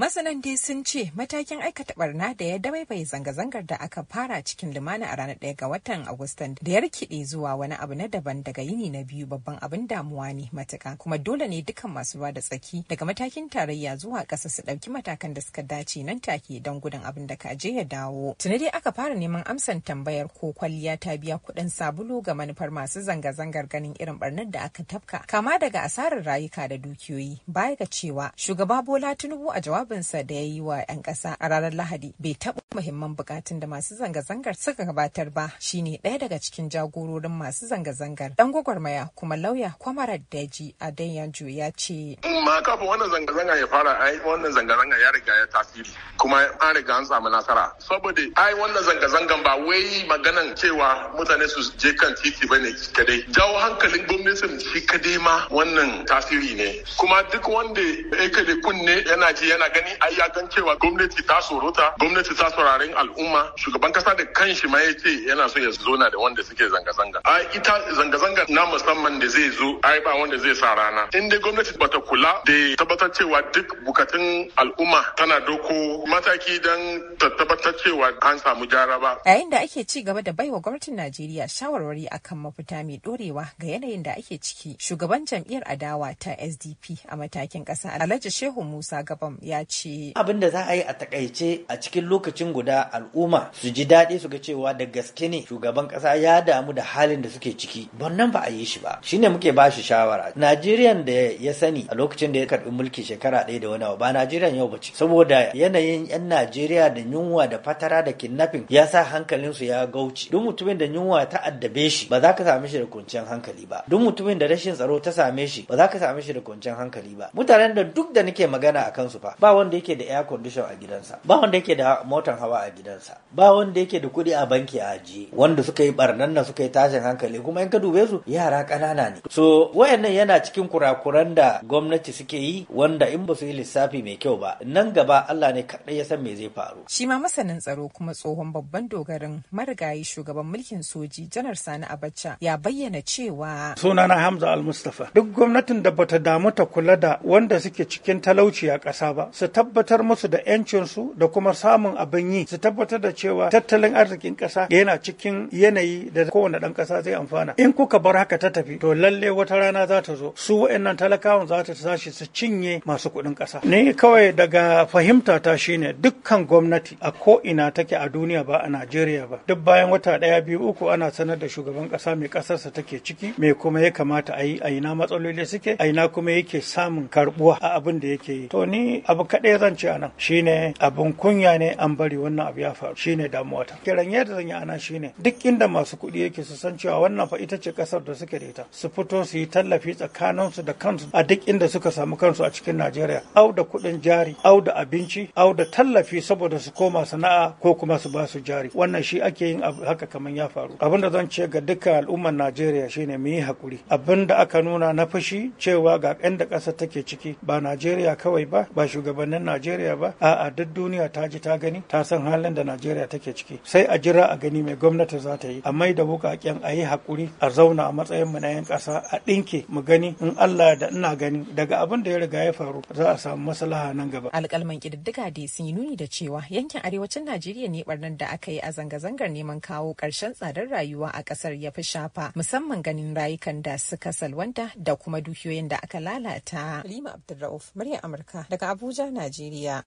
Masanan dai sun ce matakin aikata barna da ya dame bai zanga-zangar da aka fara cikin lumana a ranar 1 ga watan Agustan da ya rikide zuwa wani abu na daban daga yini na biyu babban abin damuwa ne matuka kuma dole ne dukkan masu ruwa da tsaki daga matakin tarayya zuwa ƙasa su ɗauki matakan da suka dace nan take don gudun abin da kaje ya dawo. Tuni dai aka fara neman amsan tambayar ko kwalliya ta biya kuɗin sabulu ga manufar masu zanga-zangar ganin irin barnar da aka tafka kama daga asarar rayuka da dukiyoyi baya ga cewa shugaba Bola Tinubu a jawabin zaɓinsa da ya yi wa 'yan ƙasa a ranar Lahadi bai taɓa muhimman bukatun da masu zanga-zangar suka gabatar ba shine ɗaya daga cikin jagororin masu zanga-zangar dan gwagwarmaya kuma lauya kwamarar daji a dayanju ya ce in ma kafin wannan zanga-zanga ya fara ai wannan zanga-zanga ya riga ya tasiri kuma an riga an samu nasara saboda ai wannan zanga-zangan ba wai maganan cewa mutane su je kan titi ba ne kadai jawo hankalin gwamnatin shi kadai ma wannan tasiri ne kuma duk wanda ya da kunne yana ji yana gani ai ya gan cewa gwamnati ta surota gwamnati ta sauraren al'umma shugaban kasa da kanshi ma ya ce yana so ya zo na da wanda suke zanga-zanga a ita zanga-zanga na musamman da zai zo A'a ba wanda zai sa rana in dai gwamnati bata kula da tabbatar cewa duk bukatun al'umma tana doko mataki don tabbatar cewa an samu jaraba. ba yayin da ake ci gaba da baiwa gwamnatin Najeriya shawarwari akan mafita mai dorewa ga yanayin da ake ciki shugaban jam'iyyar adawa ta SDP a matakin kasa Alhaji Shehu Musa Gabam ya ce abin da za a yi a takaice a cikin lokacin guda al'umma su ji daɗi su ga cewa da gaske ne shugaban ƙasa ya damu da halin da suke ciki wannan ba a yi shi ba ne muke ba shi shawara Najeriya da ya sani a lokacin da ya karɓi mulki shekara ɗaya da wani ba Najeriya yau ce. saboda yanayin yan najeriya da yunwa da fatara da kidnapping ya sa hankalinsu ya gauci duk mutumin da yunwa ta addabe shi ba za ka same shi da kwanciyar hankali ba duk mutumin da rashin tsaro ta same shi ba za ka same shi da kwanciyar hankali ba mutanen da duk da nake magana a kansu fa ba wanda yake da air condition a gidansa ba wanda yake da motar hawa a gidansa ba wanda yake da kuɗi a banki a ajiye wanda suka yi barnan na suka yi tashin hankali kuma in ka dube su yara ƙanana ne so wayannan yana cikin kurakuran da gwamnati suke yi wanda in ba su yi lissafi mai kyau ba nan gaba Allah ne kaɗai ya san me zai faru shi ma masanin tsaro kuma tsohon babban dogarin marigayi shugaban mulkin soji janar sani abacha ya bayyana cewa sunana hamza al-mustafa duk gwamnatin da bata damu ta kula da wanda suke cikin talauci a ƙasa ba su tabbatar musu da 'yancinsu da kuma samun abin yi su tabbatar da cewa tattalin arzikin ƙasa yana cikin yanayi da kowane ɗan ƙasa zai amfana in kuka bar haka ta tafi to lalle wata rana za ta zo su wa'annan talakawan za ta tashi su cinye masu kuɗin ƙasa ni kawai daga fahimta ta shine dukkan gwamnati a ko ina take a duniya ba a Najeriya ba duk bayan wata ɗaya biyu uku ana sanar da shugaban ƙasa mai sa take ciki me kuma ya kamata a yi a ina matsaloli suke a ina kuma yake samun karbuwa a abin da yake yi to ni abu kaɗai zan ce anan shine abin kunya ne an bari wannan abu ya faru shine damuwa ta kiran yadda zan yi ana shine duk inda masu kuɗi yake su san cewa wannan fa ita ce kasar da suke da ita su fito su yi tallafi tsakaninsu da kansu a duk inda suka samu kansu a cikin Najeriya au da kuɗin jari au da abinci au da tallafi saboda su koma sana'a ko kuma su ba su jari wannan shi ake yin haka kamar ya faru abinda zan ce ga dukkan al'ummar Najeriya shine mu yi hakuri abinda aka nuna na fushi cewa ga ƙan da take ciki ba Najeriya kawai ba ba shugabannin Najeriya ba a'a duk duniya ta ji ta gani ta san halin da najeriya take ciki sai a jira a gani mai gwamnati za ta yi a mai da bukaken a yi hakuri a zauna a matsayin mu na yan ƙasa a ɗinke mu gani in allah da ina gani daga abin da ya riga ya faru za a samu maslaha nan gaba alƙalman ƙididdiga dai sun yi nuni da cewa yankin arewacin najeriya ne barnar da aka yi a zanga-zangar neman kawo ƙarshen tsadar rayuwa a ƙasar ya fi shafa musamman ganin rayukan da suka salwanta da kuma dukiyoyin da aka lalata. Halima Abdulrauf, murya Amurka daga Abuja, Najeriya.